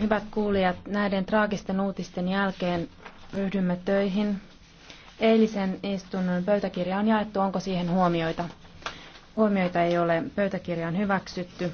Hyvät kuulijat, näiden traagisten uutisten jälkeen ryhdymme töihin. Eilisen istunnon pöytäkirja on jaettu. Onko siihen huomioita? Huomioita ei ole. Pöytäkirja on hyväksytty.